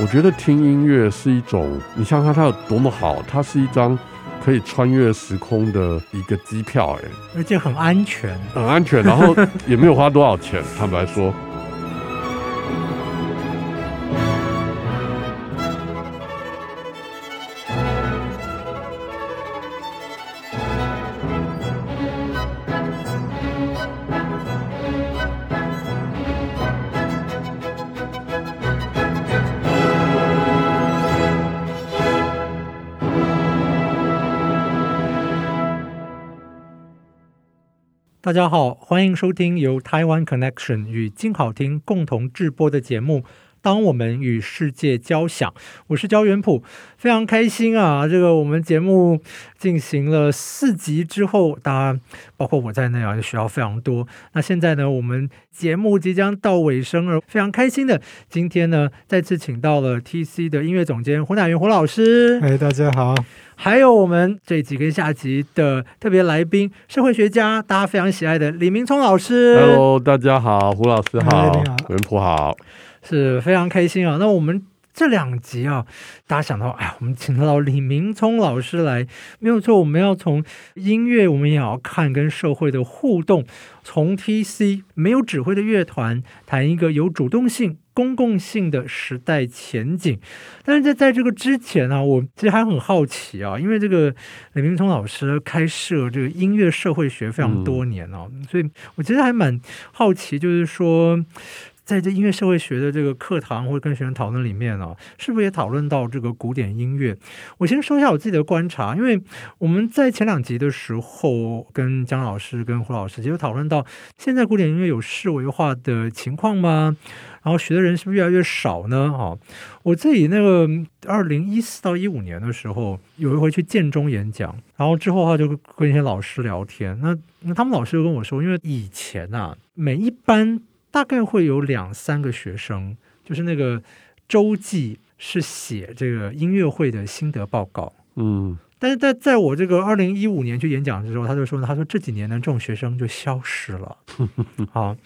我覺得聽音樂是一種，你想想它，它有多麼好，它是一張可以穿越時空的一個機票，欸，哎，而且很安全，很安全，然後也沒有花多少錢， 坦白說。大家好，歡迎收聽由 Taiwan Connection 與鏡好聽共同製播的節目。當我們與世界交響，我是焦元溥。非常開心啊！這個我們節目進行了四集之後，當然包括我在內啊，也學到非常多。那現在呢，我們節目即將到尾聲了，非常開心的今天呢，再次請到了 TC 的音樂總監胡乃元。胡老師。哎，大家好！還有我們這幾個下集的特別來賓，社會學家，大家非常喜愛的李明璁老師。Hello，大家好，胡老師好，元溥，好。是非常開心啊！那我們這兩集啊，大家想到，哎呀，我們請到李明璁老師來，沒有錯。我們要從音樂，我們也要看跟社會的互動，從 TC 沒有指揮的樂團談一個有主動性、公共性的時代前景。但是在在這個之前呢、啊，我其實還很好奇啊，因為這個李明璁老師開設這個音樂社會學非常多年哦、啊，嗯，所以我其實還蠻好奇，就是說。在這音樂社會學的這個課堂或者跟學生討論裡面呢、啊，是不是也討論到這個古典音樂？我先說一下我自己的觀察，因為我們在前兩集的時候跟江老師跟胡老師其實討論到現在，古典音樂有世俗化的情況嗎？然後學的人是不是越來越少呢？啊，我自己那個二零一四到一五年的時候，有一回去建中演講，然後之後的話就跟一些老師聊天，那，那他們老師就跟我說，因為以前啊，每一班。大概會有兩三個學生，就是那個周記是寫這個音樂會的心得報告，嗯，但是在在我這個二零一五年去演講的時候，他就說他說這幾年呢，這種學生就消失了，好呵呵、啊，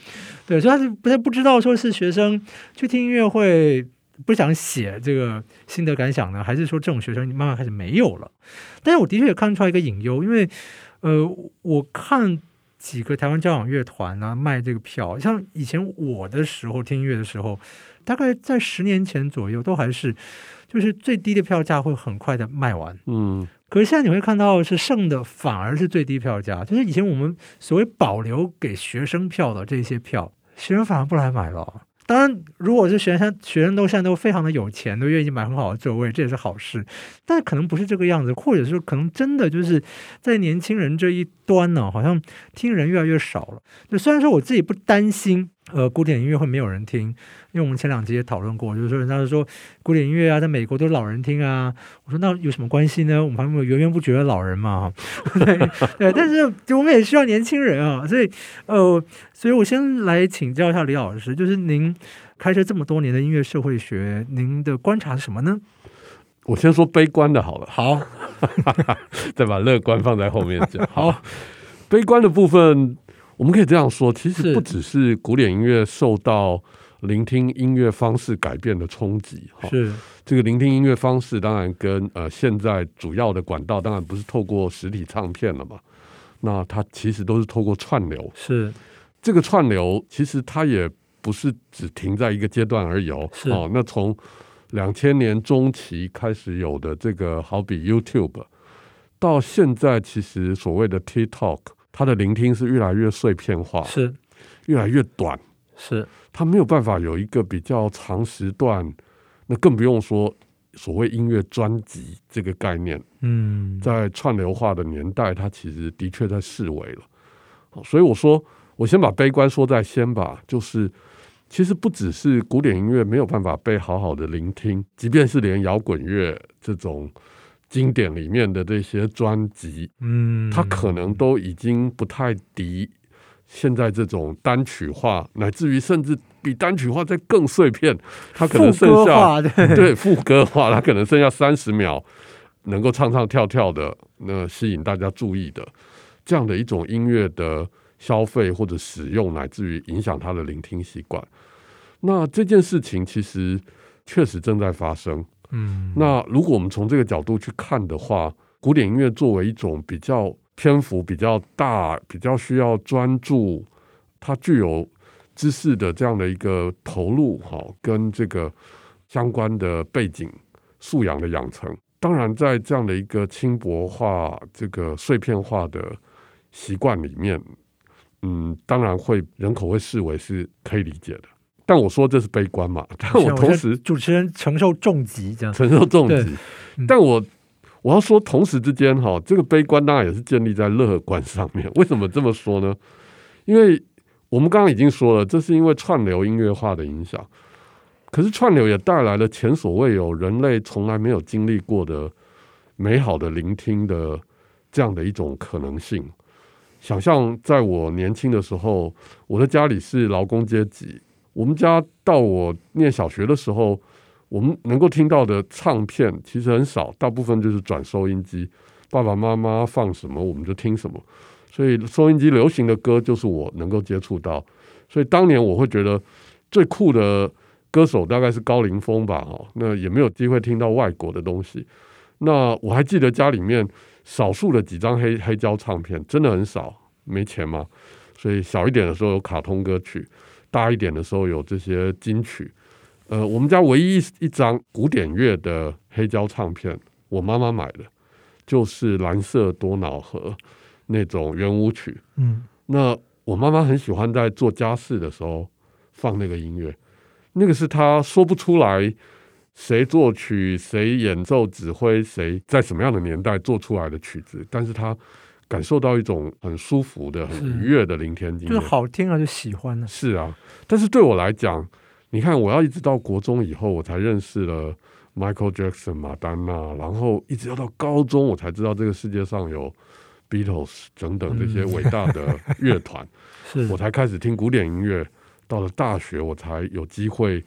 對，所以他就不太不知道說是學生去聽音樂會不想寫這個心得感想呢，還是說這種學生慢慢開始沒有了，但是我的確也看出來一個隱憂，因為，呃，我看。幾個台灣交響樂團呢、啊，賣這個票，像以前我的時候聽音樂的時候，大概在十年前左右，都還是就是最低的票價會很快的賣完，嗯。可是現在你會看到是剩的反而是最低票價，就是以前我們所謂保留給學生票的這些票，學生反而不來買了。當然，如果是學生，學生都現在都非常的有錢，都願意買很好的座位，這也是好事。但可能不是這個樣子，或者說可能真的就是在年輕人這一端呢、啊，好像聽人越來越少了。就雖然說我自己不擔心。呃，古典音樂會沒有人聽，因為我們前兩集也討論過，就是說人家都說古典音樂啊，在美國都是老人聽啊。我說那有什麼關係呢？我們旁邊有源源不絕的老人嘛。對， 對，但是就我們也需要年輕人啊，所以呃，所以我先來請教一下李老師，就是您開設這麼多年的音樂社會學，您的觀察是什麼呢？我先說悲觀的，好了，好， 再把樂觀放在後面講。好， 悲觀的部分。我們可以這樣說，其實不只是古典音樂受到聆聽音樂方式改變的衝擊哈。是、哦、這個聆聽音樂方式，當然跟呃現在主要的管道當然不是透過實體唱片了嘛。那它其實都是透過串流。是這個串流，其實它也不是只停在一個階段而已。是哦，那從兩千年中期開始有的這個，好比 YouTube，到現在其實所謂的 TikTok。他的聆聽是越來越碎片化，是越來越短，是他沒有辦法有一個比較長時段。那更不用說所謂音樂專輯這個概念。嗯，在串流化的年代，它其實的確在式微了。所以我說，我先把悲觀說在先吧。就是其實不只是古典音樂沒有辦法被好好的聆聽，即便是連搖滾樂這種。經典裡面的這些專輯，嗯，它可能都已經不太敵現在這種單曲化，乃至於甚至比單曲化再更碎片。它可能剩下，對，副歌化，它可能剩下三十秒能夠唱唱跳跳的，那吸引大家注意的這樣的一種音樂的消費或者使用，乃至於影響它的聆聽習慣。那這件事情其實確實正在發生。嗯，那如果我們從這個角度去看的話，古典音樂作為一種比較篇幅比較大、比較需要專注，它具有知識的這樣的一個投入，哈、哦，跟這個相關的背景素養的養成，當然在這樣的一個輕薄化、這個碎片化的習慣裡面，嗯，當然會，人口會視為是可以理解的。但我說這是悲觀嘛？但我同時我是主持人承受重擊，這樣承受重擊。嗯嗯、但我我要說，同時之間哈，這個悲觀當然也是建立在樂觀上面。為什麼這麼說呢？因為我們剛剛已經說了，這是因為串流音樂化的影響。可是串流也帶來了前所未有、人類從來沒有經歷過的美好的聆聽的這樣的一種可能性。想象在我年輕的時候，我的家裡是勞工階級。我們家到我念小學的時候，我們能夠聽到的唱片其實很少，大部分就是轉收音機，爸爸媽媽放什麼我們就聽什麼。所以收音機流行的歌就是我能夠接觸到。所以當年我會覺得最酷的歌手大概是高凌風吧，哈，那也沒有機會聽到外國的東西。那我還記得家裡面少數的幾張黑黑膠唱片，真的很少，沒錢嘛。所以小一點的時候有卡通歌曲。大一點的時候有這些金曲，呃，我們家唯一一一張古典樂的黑膠唱片，我媽媽買的，就是藍色多瑙河那種圓舞曲。嗯，那我媽媽很喜歡在做家事的時候放那個音樂，那個是她說不出來誰作曲，誰演奏指，指揮誰在什麼樣的年代做出來的曲子，但是她。感受到一種很舒服的、很愉悅的聆聽音樂，就是好聽啊，就喜歡了。是啊，但是對我來講，你看，我要一直到國中以後，我才認識了 Michael Jackson、馬丹娜，然後一直要到高中，我才知道這個世界上有 Beatles 等等這些偉大的樂團。是我才開始聽古典音樂，到了大學，我才有機會，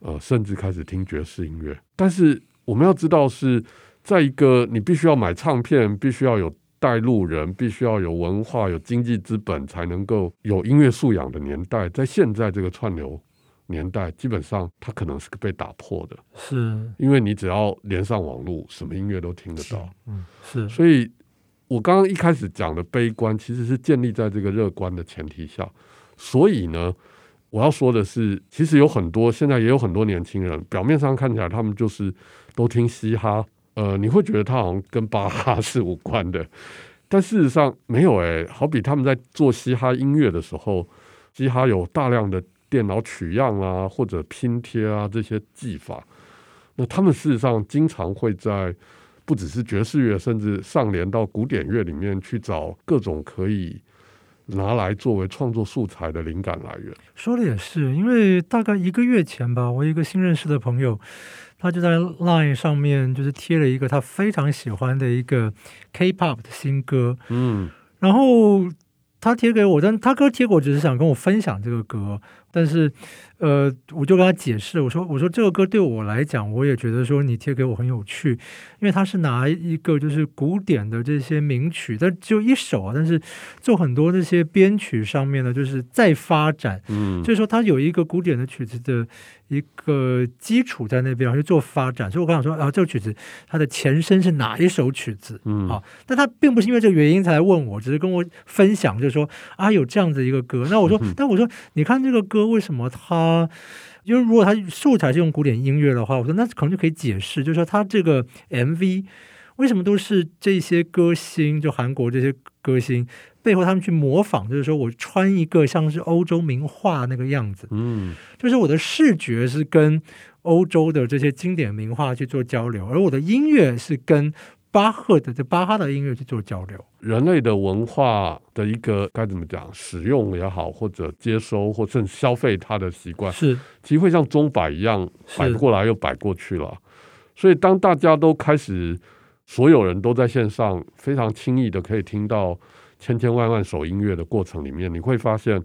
呃，甚至開始聽爵士音樂。但是我們要知道，是在一個你必須要買唱片，必須要有。帶路人必須要有文化、有經濟資本，才能夠有音樂素養的年代，在現在這個串流年代，基本上它可能是被打破的。是，因為你只要連上網路，什麼音樂都聽得到。嗯，是。所以，我剛剛一開始講的悲觀，其實是建立在這個樂觀的前提下。所以呢，我要說的是，其實有很多，現在也有很多年輕人，表面上看起來他們就是都聽嘻哈。呃，你會覺得他好像跟巴哈是無關的，但事實上沒有哎、欸。好比他們在做嘻哈音樂的時候，嘻哈有大量的電腦取樣啊，或者拼貼啊這些技法。那他們事實上經常會在不只是爵士樂，甚至上聯到古典樂裡面去找各種可以拿來作為創作素材的靈感來源。說的也是，因為大概一個月前吧，我一個新認識的朋友。他就在 Line 上面就是貼了一個他非常喜歡的一個 K-pop 的新歌，嗯，然後他貼給我，但他哥貼給我只是想跟我分享這個歌。但是，呃，我就跟他解釋，我說我說這個歌對我來講，我也覺得說你貼給我很有趣，因為他是拿一個就是古典的這些名曲，但就一首啊。但是做很多這些編曲上面呢，就是在發展，嗯，所以說他有一個古典的曲子的一個基礎在那邊，然後去做發展。所以我剛想說啊，這個曲子它的前身是哪一首曲子？嗯啊，但他並不是因為這個原因才來問我，只是跟我分享就是，就說啊有這樣子一個歌。那我說，嗯哼，但我說你看這個歌。為什麼他？因為如果他素材是用古典音樂的話，我說那可能就可以解釋，就是說他這個 MV 為什麼都是這些歌星，就韓國這些歌星背後他們去模仿，就是說我穿一個像是歐洲名畫那個樣子，嗯，就是我的視覺是跟歐洲的這些經典名畫去做交流，而我的音樂是跟。巴赫的這巴哈的音樂去做交流，人類的文化的一個該怎麼講，使用也好，或者接收，或甚至消費它的習慣，是其實會像鐘擺一樣擺過來又擺過去了。是所以當大家都開始，所有人都在線上非常輕易的可以聽到千千萬萬首音樂的過程裡面，你會發現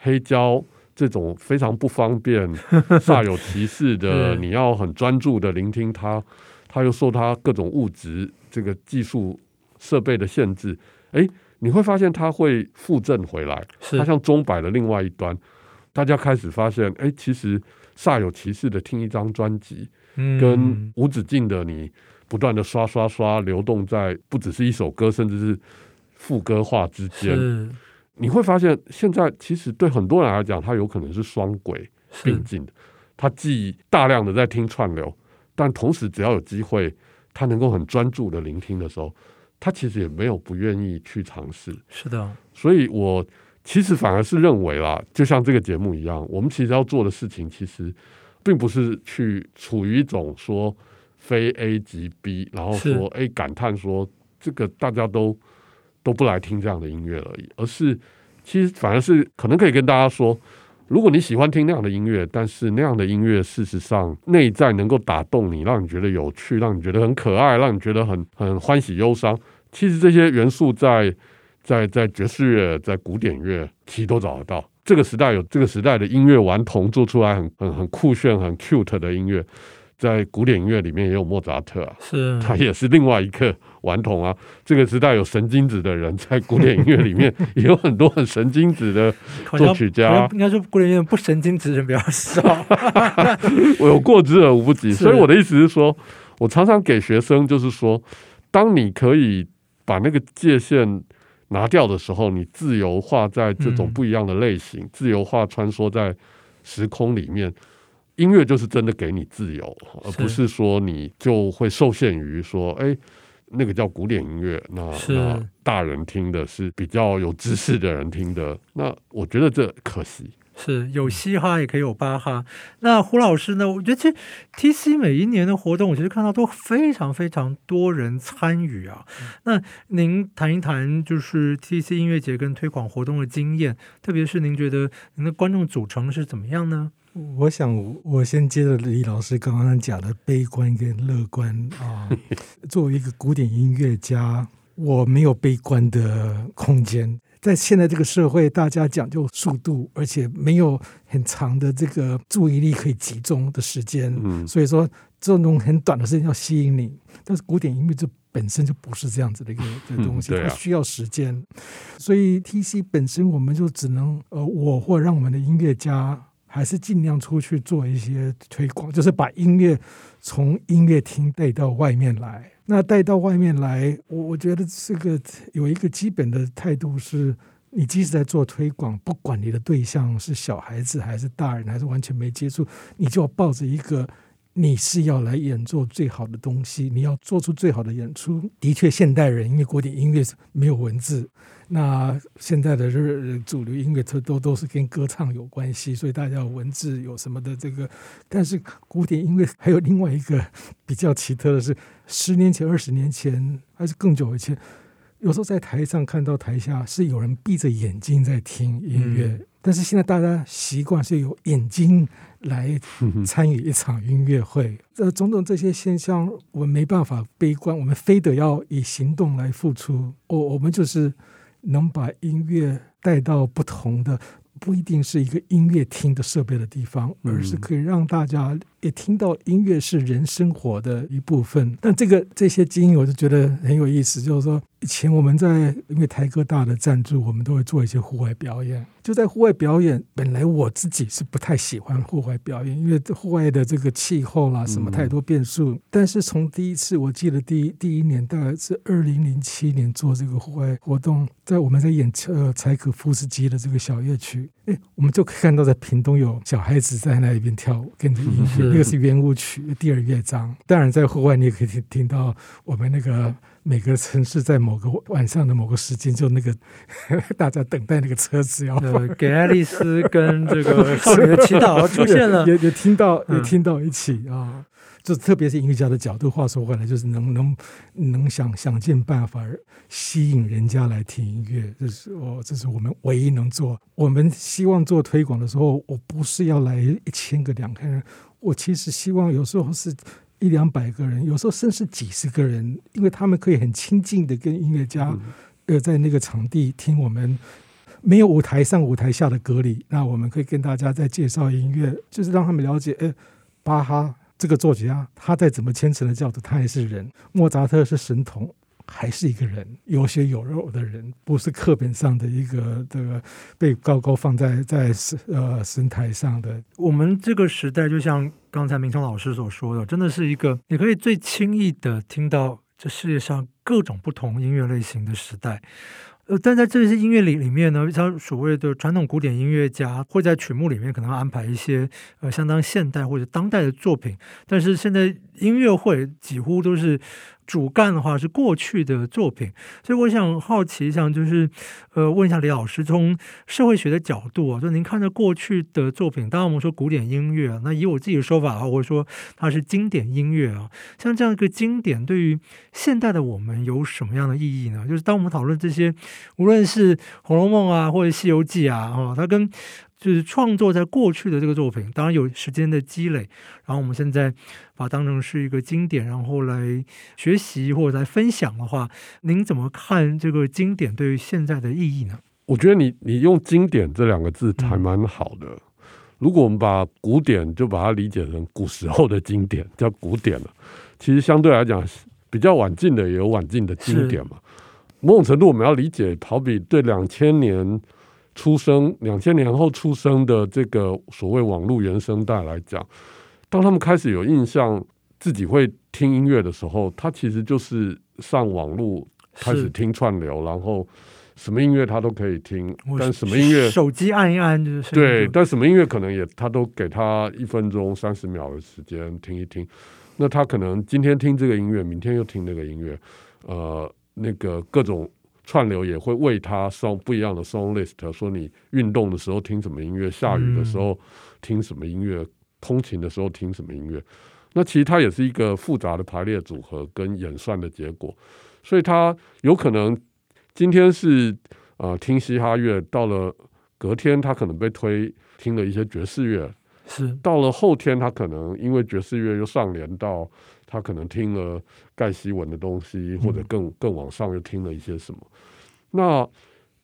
黑膠這種非常不方便、煞有其事的， 是你要很專注的聆聽它。他又受他各種物質、這個技術設備的限制，哎、欸，你會發現他會附贈回來，是他像鐘擺的另外一端。大家開始發現，哎、欸，其實煞有其事的聽一張專輯，嗯、跟無止境的你不斷的刷刷刷流動在不只是一首歌，甚至是副歌化之間，是你會發現，現在其實對很多人來講，他有可能是雙軌並進的，它是既大量的在聽串流。但同時，只要有機會，他能夠很專注地聆聽的時候，他其實也沒有不願意去嘗試。是的，所以，我其實反而是認為啦，就像這個節目一樣，我們其實要做的事情，其實並不是去處於一種說非 A 即 B，然後說哎是感嘆說這個大家都都不來聽這樣的音樂而已，而是其實反而是可能可以跟大家說。如果你喜歡聽那樣的音樂，但是那樣的音樂事實上內在能夠打動你，讓你覺得有趣，讓你覺得很可愛，讓你覺得很很歡喜憂傷。其實這些元素在在在爵士樂、在古典樂，其實都找得到。這個時代有這個時代的音樂頑童做出來很很很酷炫、很 cute 的音樂，在古典音樂裡面也有莫扎特啊，是，他也是另外一個。頑童啊，這個時代有神經質的人，在古典音樂裡面 也有很多很神經質的作曲家。應該說，古典音樂不神經質的人比較少，我有過之而無不及。是的 所以我的意思是說，我常常給學生就是說，當你可以把那個界限拿掉的時候，你自由化在這種不一樣的類型，嗯、自由化穿梭在時空裡面，音樂就是真的給你自由，而不是說你就會受限於說，哎、欸。那個叫古典音樂，那是、呃、大人聽的，是比較有知識的人聽的。是那我覺得這可惜，是有嘻哈也可以有巴哈。那胡老師呢？我覺得其實 TC 每一年的活動，我其實看到都非常非常多人參與啊。那您談一談，就是 TC 音樂節跟推廣活動的經驗，特別是您覺得您的觀眾組成是怎麼樣呢？我想，我先接着李老師剛剛講的悲觀跟樂觀啊。作為一個古典音樂家，我沒有悲觀的空間。在現在這個社會，大家講究速度，而且沒有很長的這個注意力可以集中的時間。所以說，這種很短的時間要吸引你，但是古典音樂就本身就不是這樣子的一個的東西，它需要時間。所以 TC 本身，我們就只能呃，我或讓我們的音樂家。還是盡量出去做一些推廣，就是把音樂從音樂廳帶到外面來。那帶到外面來，我我覺得這個有一個基本的態度是：你即使在做推廣，不管你的對象是小孩子還是大人，還是完全沒接觸，你就要抱着一個。你是要來演奏最好的東西，你要做出最好的演出。的確，現代人因為古典音樂沒有文字，那現在的這個主流音樂它都都是跟歌唱有關係，所以大家文字有什麼的這個。但是古典音樂還有另外一個比較奇特的是，十年前、二十年前還是更久以前，有時候在台上看到台下是有人閉着眼睛在聽音樂，嗯、但是現在大家習慣是有眼睛。來參與一場音樂會，呃，種種這些現象，我們沒辦法悲觀，我們非得要以行動來付出。我、哦、我們就是能把音樂帶到不同的，不一定是一個音樂廳的設備的地方，而是可以讓大家。也聽到音樂是人生活的一部分，但這個這些經歷我就覺得很有意思，就是說以前我們在因為台哥大的贊助，我們都會做一些戶外表演。就在戶外表演，本來我自己是不太喜歡戶外表演，因為戶外的這個氣候啦、啊，什麼太多變數。但是從第一次，我記得第一第一年大概是二零零七年做這個戶外活動，在我們在演呃柴可夫斯基的這個小夜曲。我們就可以看到在屏東有小孩子在那裡邊跳舞跟着，音樂，是是那個是圓舞曲第二樂章。當然在戶外你也可以聽到我們那個每個城市在某個晚上的某個時間，就那個呵呵，大家等待那個車子要給愛麗絲跟這個少女的祈禱出現了， 也也聽到也聽到一起啊。嗯哦就特別是音樂家的角度，話說回來，就是能能能想想盡辦法吸引人家來聽音樂，這是我、哦、這是我們唯一能做。我們希望做推廣的時候，我不是要來一千個、兩千人，我其實希望有時候是一兩百個人，有時候甚至幾十個人，因為他們可以很親近的跟音樂家、嗯、呃在那個場地聽我們，沒有舞台上舞台下的隔離，那我們可以跟大家再介紹音樂，就是讓他們了解，哎、呃，巴哈。這個作家，他再怎麼虔誠的教徒，他也是人。莫扎特是神童，還是一個人，有血有肉的人，不是課本上的一個這個被高高放在在神呃神台上的。我們這個時代，就像剛才明璁老師所說的，真的是一個你可以最輕易的聽到這世界上各種不同音樂類型的時代。但在這些音樂裡裡面呢，像所謂的傳統古典音樂家會在曲目裡面可能安排一些呃相當現代或者當代的作品，但是現在音樂會幾乎都是。主幹的話是過去的作品，所以我想好奇一下，就是呃，問一下李老師，從社會學的角度啊，就您看着過去的作品，當我們說古典音樂啊，那以我自己的說法啊，我會說它是經典音樂啊，像這樣一個經典，對於現代的我們有什麼樣的意義呢？就是當我們討論這些，無論是《紅樓夢》啊，或者《西遊記》啊，哦，它跟就是創作在過去的這個作品，當然有時間的積累。然後我們現在把它當成是一個經典，然後來學習或者來分享的話，您怎麼看這個經典對於現在的意義呢？我覺得你你用“經典”這兩個字還蠻好的。嗯、如果我們把古典就把它理解成古時候的經典叫古典了，其實相對來講比較晚近的也有晚近的經典嘛。是某種程度我們要理解，好比對兩千年。出生兩千年後出生的這個所謂網絡原生代來講，當他們開始有印象自己會聽音樂的時候，他其實就是上網絡開始聽串流，是然後什麼音樂他都可以聽，我但什麼音樂手機按一按就是。對，但什麼音樂可能也他都給他一分鐘三十秒的時間聽一聽，那他可能今天聽這個音樂，明天又聽那個音樂，呃，那個各種。串流也會為他送不一樣的 song list，說你運動的時候聽什麼音樂，下雨的時候聽什麼音樂，通勤、嗯、的時候聽什麼音樂。那其實它也是一個複雜的排列組合跟演算的結果，所以它有可能今天是呃聽嘻哈樂，到了隔天他可能被推聽了一些爵士樂，是到了後天他可能因為爵士樂又上連到。他可能聽了蓋希文的東西，或者更更往上又聽了一些什麼。嗯、那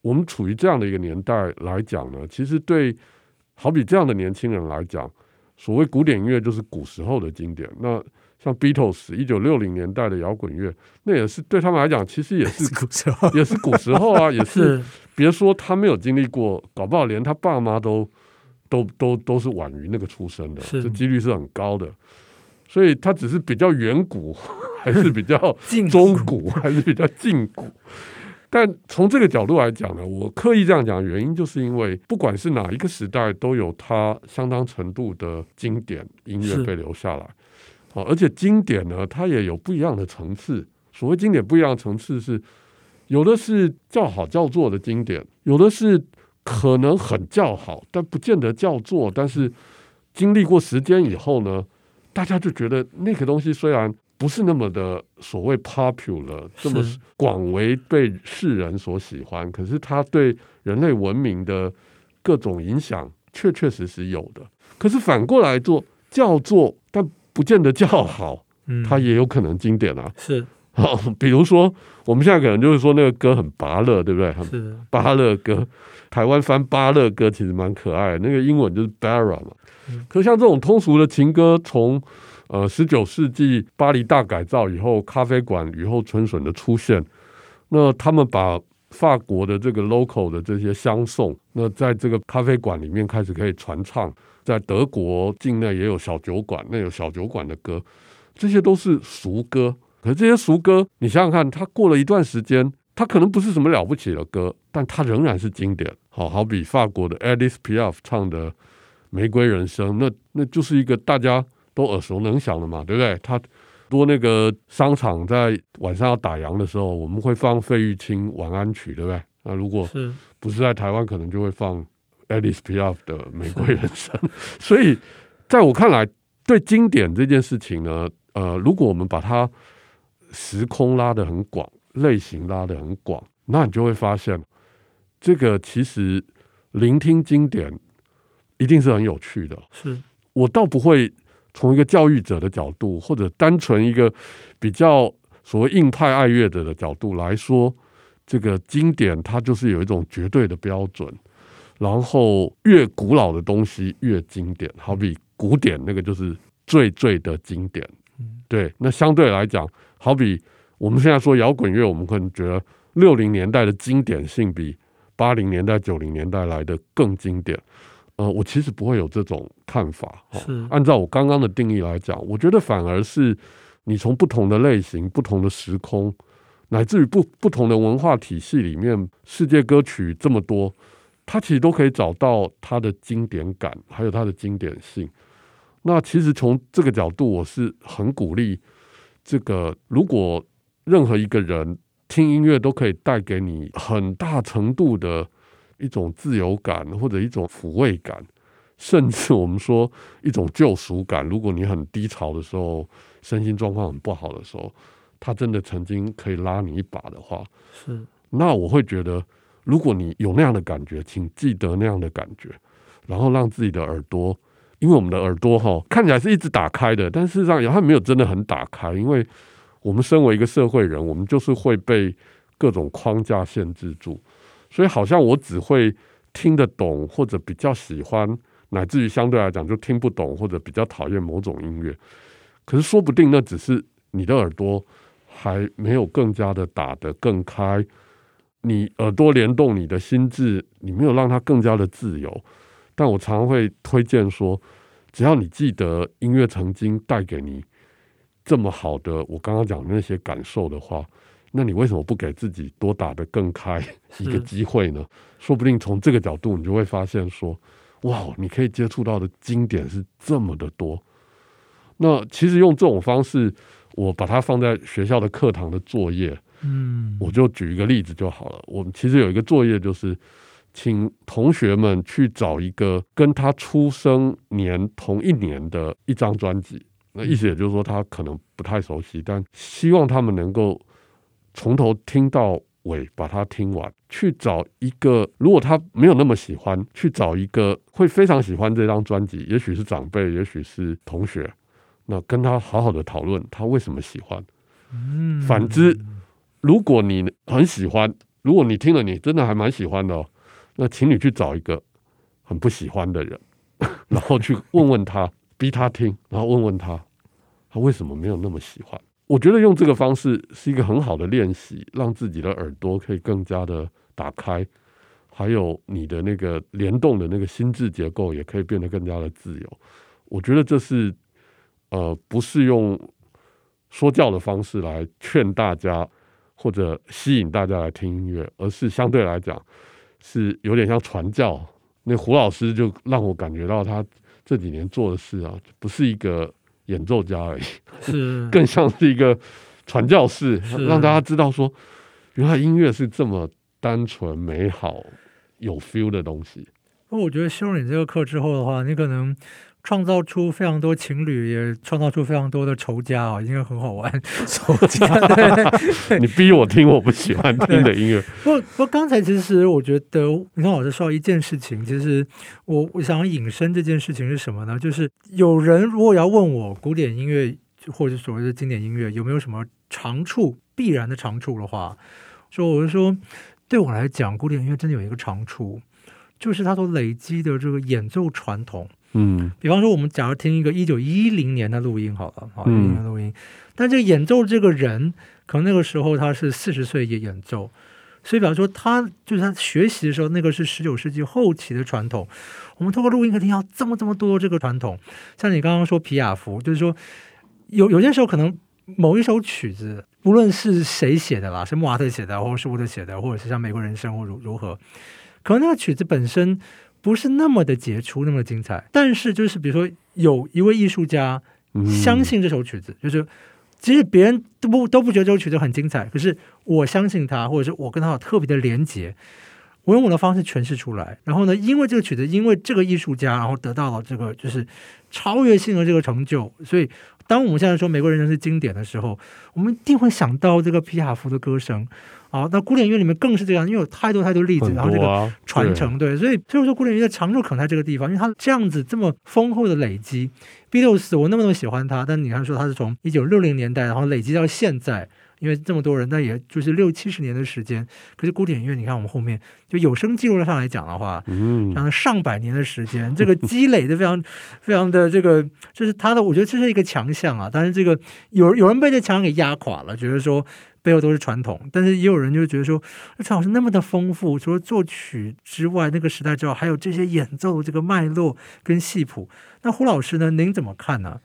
我們處於這樣的一個年代來講呢，其實對好比這樣的年輕人來講，所謂古典音樂就是古時候的經典。那像 Beatles 一九六零年代的搖滾樂，那也是對他們來講，其實也是，是古時候，也是古時候啊， 也是，是別說他沒有經歷過，搞不好連他爸媽都都都都是晚於那個出生的，是這幾率是很高的。所以它只是比較遠古，還是比較中古，還是比較近古。但從這個角度來講呢，我刻意這樣講的原因，就是因為不管是哪一個時代，都有它相當程度的經典音樂被留下來。好，而且經典呢，它也有不一樣的層次。所謂經典不一樣的層次，是有的是叫好叫座的經典，有的是可能很叫好，但不見得叫座，但是經歷過時間以後呢，大家就覺得那個東西雖然不是那麼的所謂 popular，是這麼廣為被世人所喜歡，可是它對人類文明的各種影響確確實實有的。可是反過來做叫做，但不見得叫好，嗯，它也有可能經典啊。是，好， 比如說我們現在可能就是說那個歌很芭樂，對不對？很芭樂歌，台灣翻芭樂歌其實蠻可愛的，那個英文就是 Barra 嘛。可像這種通俗的情歌，從呃十九世紀巴黎大改造以後，咖啡館雨後春筍的出現，那他們把法國的這個 local 的這些香頌，那在這個咖啡館裡面開始可以傳唱，在德國境內也有小酒館，那有小酒館的歌，這些都是俗歌。可是這些俗歌，你想想看，它過了一段時間，它可能不是什麼了不起的歌，但它仍然是經典。好，好比法國的 Edith Piaf 唱的。玫瑰人生，那那就是一個大家都耳熟能詳的嘛，對不對？他多那個商場在晚上要打烊的時候，我們會放費玉清晚安曲，對不對？那如果不是在台灣，是可能就會放 Edith Piaf 的玫瑰人生。是 所以，在我看來，對經典這件事情呢，呃，如果我們把它時空拉得很廣，類型拉得很廣，那你就會發現，這個其實聆聽經典。一定是很有趣的。是，我倒不會從一個教育者的角度，或者單純一個比較所謂硬派愛樂者的角度來說，這個經典它就是有一種絕對的標準。然後越古老的東西越經典，好比古典那個就是最最的經典。嗯、對，那相對來講，好比我們現在說搖滾樂，我們可能覺得六零年代的經典性比八零年代、九零年代來的更經典。呃，我其實不會有這種看法。是按照我剛剛的定義來講，我覺得反而是你從不同的類型、不同的時空，乃至於不不同的文化體系裡面，世界歌曲這麼多，它其實都可以找到它的經典感，還有它的經典性。那其實從這個角度，我是很鼓勵這個，如果任何一個人聽音樂都可以帶給你很大程度的。一種自由感，或者一種撫慰感，甚至我們說一種救贖感。如果你很低潮的時候，身心狀況很不好的時候，他真的曾經可以拉你一把的話，是。那我會覺得，如果你有那樣的感覺，請記得那樣的感覺，然後讓自己的耳朵，因為我們的耳朵哈，看起來是一直打開的，但事實上也還沒有真的很打開，因為我們身為一個社會人，我們就是會被各種框架限制住。所以好像我只會聽得懂，或者比較喜歡，乃至於相對來講就聽不懂，或者比較討厭某種音樂。可是說不定那只是你的耳朵還沒有更加的打得更開，你耳朵聯動你的心智，你沒有讓它更加的自由。但我常會推薦說，只要你記得音樂曾經帶給你這麼好的，我剛剛講的那些感受的話。那你為什麼不給自己多打得更開一個機會呢？是說不定從這個角度，你就會發現說，哇，你可以接觸到的經典是這麼的多。那其實用這種方式，我把它放在學校的課堂的作業，嗯，我就舉一個例子就好了。我們其實有一個作業就是，請同學們去找一個跟他出生年同一年的一張專輯。那意思也就是說，他可能不太熟悉，但希望他們能夠。從頭聽到尾，把它聽完。去找一個，如果他沒有那麼喜歡，去找一個會非常喜歡這張專輯，也許是長輩，也許是同學，那跟他好好的討論他為什麼喜歡。嗯，反之，如果你很喜歡，如果你聽了你真的還蠻喜歡的哦，那請你去找一個很不喜歡的人，然後去問問他， 逼他聽，然後問問他，他為什麼沒有那麼喜歡。我覺得用這個方式是一個很好的練習，讓自己的耳朵可以更加的打開，還有你的那個聯動的那個心智結構也可以變得更加的自由。我覺得這是呃，不是用說教的方式來勸大家或者吸引大家來聽音樂，而是相對來講是有點像傳教。那胡老師就讓我感覺到他這幾年做的事啊，不是一個。演奏家而已，是更像是一個傳教士，是讓大家知道說，原來音樂是這麼單純、美好、有 feel 的東西。那我覺得修了你這個課之後的話，你可能。創造出非常多情侶，也創造出非常多的仇家啊，應該很好玩。 仇家， 你逼我聽，我不喜歡聽的音樂。不不、 啊，剛才其實我覺得，你看老師說，一件事情，其實我我想引申這件事情是什麼呢？就是有人如果要問我古典音樂或者所謂的經典音樂有沒有什麼長處，必然的長處的話，所以就說，對我來講，古典音樂真的有一個長處，就是它所累積的這個演奏傳統。嗯，比方說，我們假如聽一個一九一零年的錄音好了，好，一零年的錄音，但這個演奏這個人可能那個時候他是四十歲也演奏，所以比方說他就是他學習的時候，那個是十九世紀後期的傳統。我們通過錄音可以聽到這麼這麼多這個傳統，像你剛剛說皮亞福，就是說有有些時候可能某一首曲子，不論是誰寫的啦，是莫札特寫的，或者是舒伯特寫的，或者是像美國人生活如如何，可能那個曲子本身。不是那麼的傑出，那麼的精彩。但是就是比如說，有一位藝術家相信這首曲子，嗯、就是即使別人都不都不覺得這首曲子很精彩，可是我相信他，或者是我跟他特別的連接，我用我的方式詮釋出來。然後呢，因為這個曲子，因為這個藝術家，然後得到了這個就是超越性的這個成就，所以。當我們現在說美國人生是經典的時候，我們一定會想到這個皮亞夫的歌聲。啊，那古典樂裡面更是這樣，因為有太多太多例子，啊、然後這個傳承，對、對，所以所以說古典樂的長處可能在這個地方，因為它這樣子這麼豐厚的累積。Beatles 我那麼那麼喜歡他，但你看說他是從一九六零年代，然後累積到現在。因為這麼多人，那也就是六七十年的時間。可是古典音樂，你看我們後面，就有聲記錄上來講的話，嗯，然後上百年的時間，這個積累的非常、非常的這個，就是它的，我覺得這是一個強項啊。但是這個有有人被這強給壓垮了，覺得說背後都是傳統。但是也有人就覺得說，那、啊、傳統是那麼的豐富，除了作曲之外，那個時代之後還有這些演奏這個脈絡跟戲譜。那胡老師呢，您怎麼看呢、啊？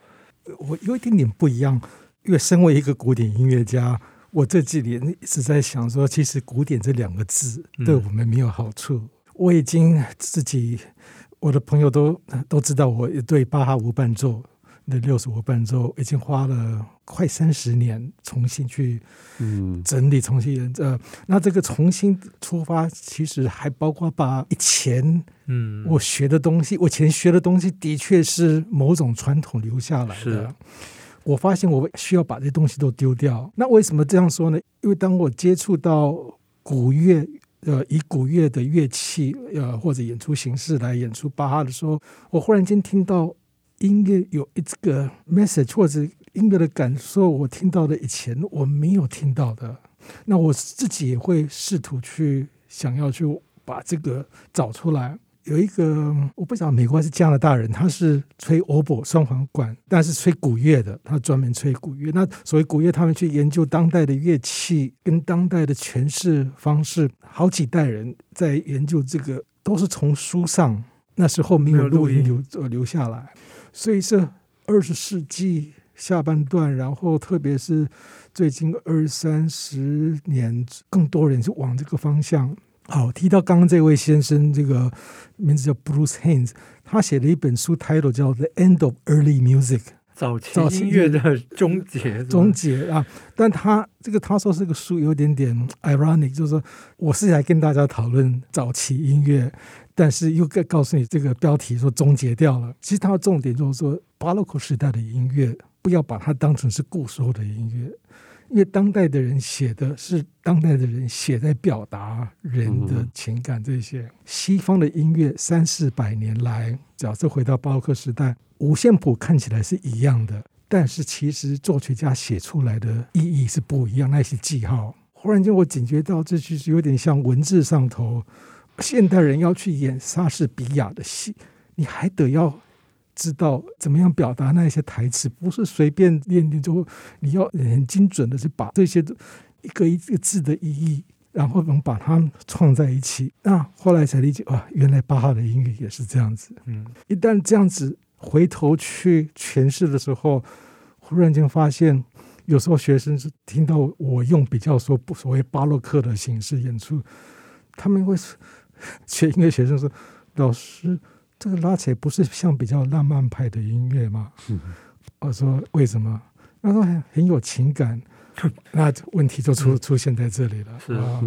我有一點點不一樣。因為身為一個古典音樂家，我這幾年一直在想說，其實“古典”這兩個字對我們沒有好處。嗯、我已經自己，我的朋友都都知道，我對巴哈無伴奏那六首無伴奏，伴奏已經花了快三十年重新去整理、重新演奏。那這個重新出發，其實還包括把以前嗯我學的東西，我以前學的東西，的確是某種傳統留下來的。我發現我需要把這些東西都丟掉。那為什麼這樣說呢？因為當我接觸到古樂，呃，以古樂的樂器，呃，或者演出形式來演出巴哈的時候，我忽然間聽到音樂有一個 message，或者音樂的感受，我聽到的以前我沒有聽到的。那我自己也會試圖去想要去把這個找出來。有一個，我不知道，美國還是加拿大人，他是吹歐博雙簧管，但是吹古樂的，他專門吹古樂。那所謂古樂，他們去研究當代的樂器跟當代的詮釋方式，好幾代人在研究這個，都是從書上，那時候沒有錄音留，呃，留下來。所以是二十世紀下半段，然後特別是最近二三十年，更多人是往這個方向。好，提到剛剛這位先生，這個名字叫 Bruce Haynes，他寫了一本書，title 叫《The End of Early Music》。早期音樂的終結，終結啊！但他這個他說這個書有點點 ironic，就是說我是來跟大家討論早期音樂，但是又該告訴你這個標題說終結掉了。其實他的重點就是說巴洛克時代的音樂，不要把它當成是古時候的音樂。因為當代的人寫的是當代的人寫在表達人的情感，這些西方的音樂三四百年來，假設回到巴洛克時代，五線譜看起來是一樣的，但是其實作曲家寫出來的意義是不一樣。那些記號，忽然間我警覺到，這就是有點像文字上頭，現代人要去演莎士比亞的戲，你還得要，知道怎麼樣表達那些台詞，不是隨便念念就會，你要很精準的去把這些一個一個字的意義，然後能把它們串在一起。那後來才理解，哇、啊，原來巴哈的音樂也是這樣子。嗯，一旦這樣子回頭去詮釋的時候，忽然間發現，有時候學生是聽到我用比較說所謂巴洛克的形式演出，他們會說學音樂學生說，老師。這個拉扯不是像比較浪漫派的音樂嗎？我、啊、說為什麼？他說很有情感。那問題就出、嗯、出現在這裡了。是、啊，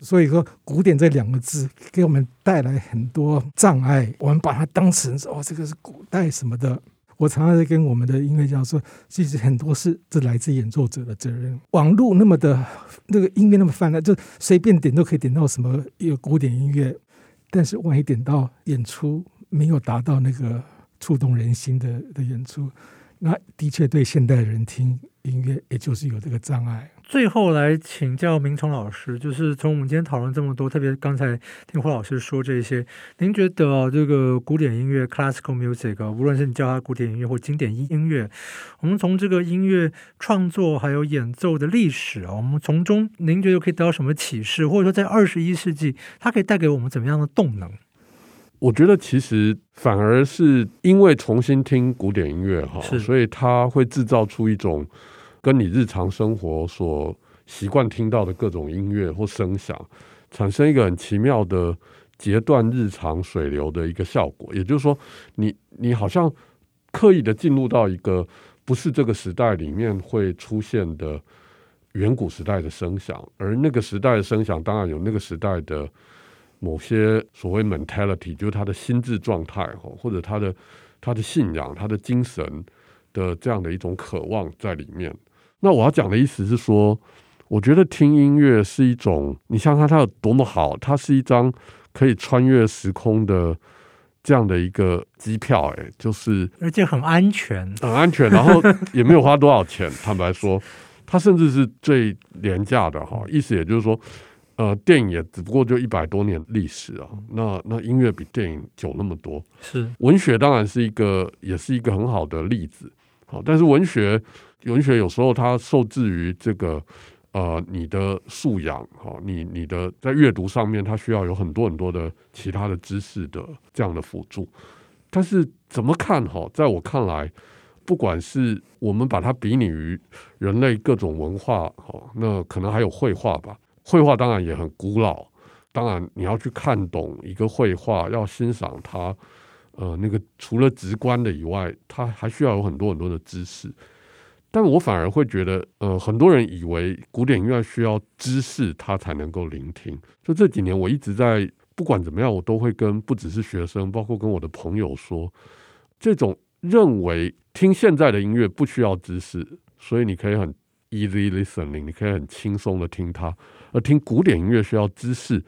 所以說“古典”這兩個字給我們帶來很多障礙。我們把它當成是哦，這個是古代什麼的。我常常在跟我們的音樂家說，其實很多是這來自演奏者的責任。網絡那麼的，那、這個音樂那麼氾濫，就隨便點都可以點到什麼一個古典音樂，但是萬一點到演出，沒有達到那個觸動人心的的演出，那的確對現代人聽音樂也就是有這個障礙。最後來請教明璁老師，就是從我們今天討論這麼多，特別剛才聽胡老師說這些，您覺得這個古典音樂 （classical music），無論是你叫它古典音樂或經典音樂，我們從這個音樂創作還有演奏的歷史，我們從中您覺得可以得到什麼啟示，或者說在二十一世紀它可以帶給我們怎麼樣的動能？我覺得其實反而是因為重新聽古典音樂哈，是所以它會制造出一種跟你日常生活所習慣聽到的各種音樂或聲響，產生一個很奇妙的截斷日常水流的一個效果。也就是說你，你你好像刻意的進入到一個不是這個時代裡面會出現的遠古時代的聲響，而那個時代的聲響當然有那個時代的。某些所謂 mentality 就是他的心智狀態哈，或者他的他的信仰、他的精神的這樣的一種渴望在裡面。那我要講的意思是說，我覺得聽音樂是一種，你想想它有多麼好，它是一張可以穿越時空的這樣的一個機票，欸，誒，就是而且很安全，很安全，然後也沒有花多少錢。 坦白說，它甚至是最廉價的哈。意思也就是說。呃，電影也只不過就一百多年歷史啊，那那音樂比電影久那麼多，是文學當然是一個，也是一個很好的例子。好、哦，但是文學，文學有時候它受制於這個，呃，你的素養，好、哦，你你的在閱讀上面，它需要有很多很多的其他的知識的這樣的輔助。但是怎麼看好、哦，在我看來，不管是我們把它比擬於人類各種文化，好、哦，那可能還有繪畫吧。繪畫當然也很古老，當然你要去看懂一個繪畫，要欣賞它，呃，那個除了直觀的以外，它還需要有很多很多的知識。但我反而會覺得，呃，很多人以為古典音樂需要知識，它才能夠聆聽。就這幾年，我一直在不管怎麼樣，我都會跟不只是學生，包括跟我的朋友說，這種認為聽現在的音樂不需要知識，所以你可以很 easy listening，你可以很輕鬆的聽它。而聽古典音樂需要知識，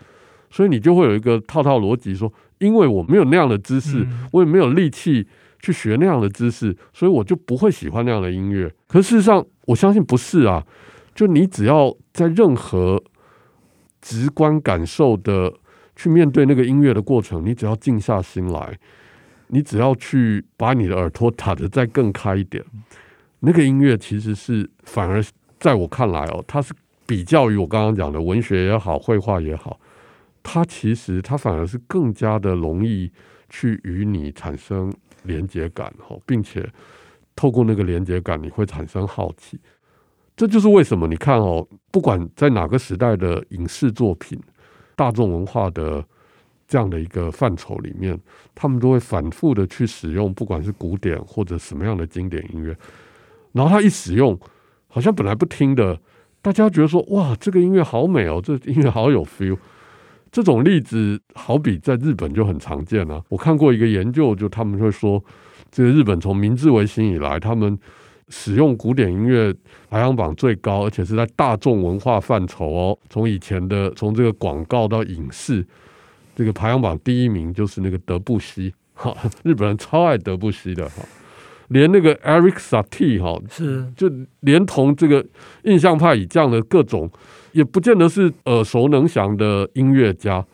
所以你就會有一個套套邏輯說：因為我沒有那樣的知識，我也沒有力氣去學那樣的知識，所以我就不會喜歡那樣的音樂。可事實上，我相信不是啊。就你只要在任何直觀感受的去面對那個音樂的過程，你只要靜下心來，你只要去把你的耳朵打得再更開一點，那個音樂其實是反而在我看來哦，它是。比較於我剛剛講的文學也好，繪畫也好，它其實它反而是更加的容易去與你產生連接感哈，並且透過那個連接感，你會產生好奇。這就是為什麼你看哦，不管在哪個時代的影視作品、大眾文化的這樣的一個範疇裡面，他們都會反覆的去使用，不管是古典或者什麼樣的經典音樂，然後他一使用，好像本來不聽的。大家覺得說，哇，這個音樂好美哦，這個、音樂好有 feel。這種例子好比在日本就很常見了、啊。我看過一個研究，就他們會說，這個日本從明治維新以來，他們使用古典音樂排行榜最高，而且是在大眾文化範疇哦。從以前的，從這個廣告到影視，這個排行榜第一名就是那個德布西。哈，日本人超愛德布西的哈。連那個 Eric Satie 哈是，就連同這個印象派以這樣的各種，也不見得是耳熟能詳的音樂家，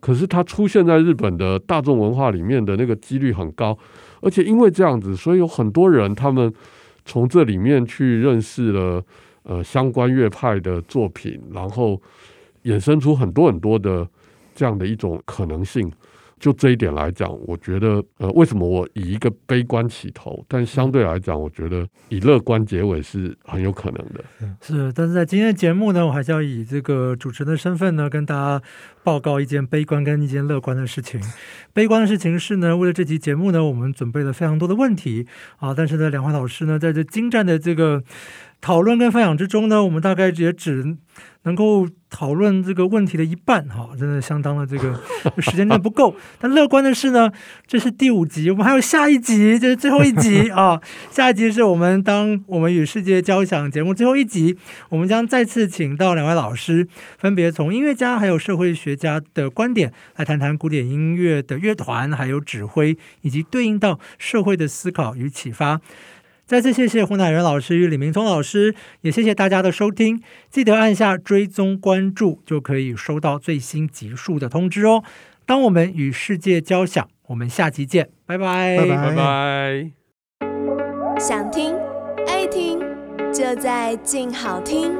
可是他出現在日本的大眾文化裡面的那個幾率很高，而且因為這樣子，所以有很多人他們從這裡面去認識了呃相關樂派的作品，然後衍生出很多很多的這樣的一種可能性。就這一點來講，我覺得，呃，為什麼我以一個悲觀起頭，但相對來講，我覺得以樂觀結尾是很有可能的，是。但是在今天的節目呢，我還是要以這個主持人的身份呢，跟大家報告一件悲觀跟一件樂觀的事情。悲觀的事情是呢，為了這集節目呢，我們準備了非常多的問題啊，但是呢，兩位老師呢，在這精湛的這個討論跟分享之中呢，我們大概也只。能夠討論這個問題的一半，哈，真的相當的這個就時間真的不夠。但樂觀的是呢，這是第五集，我們還有下一集，就是最後一集啊。下一集是我們當我們與世界交響節目最後一集，我們將再次請到兩位老師，分別從音樂家還有社會學家的觀點來談談古典音樂的樂團，還有指揮，以及對應到社會的思考與啟發。再次謝謝胡乃元老師與李明璁老師，也謝謝大家的收聽。記得按下追蹤關注，就可以收到最新集數的通知哦。當我們與世界交響，我們下集見，拜拜，拜拜，拜拜。想聽愛聽，就在鏡好聽。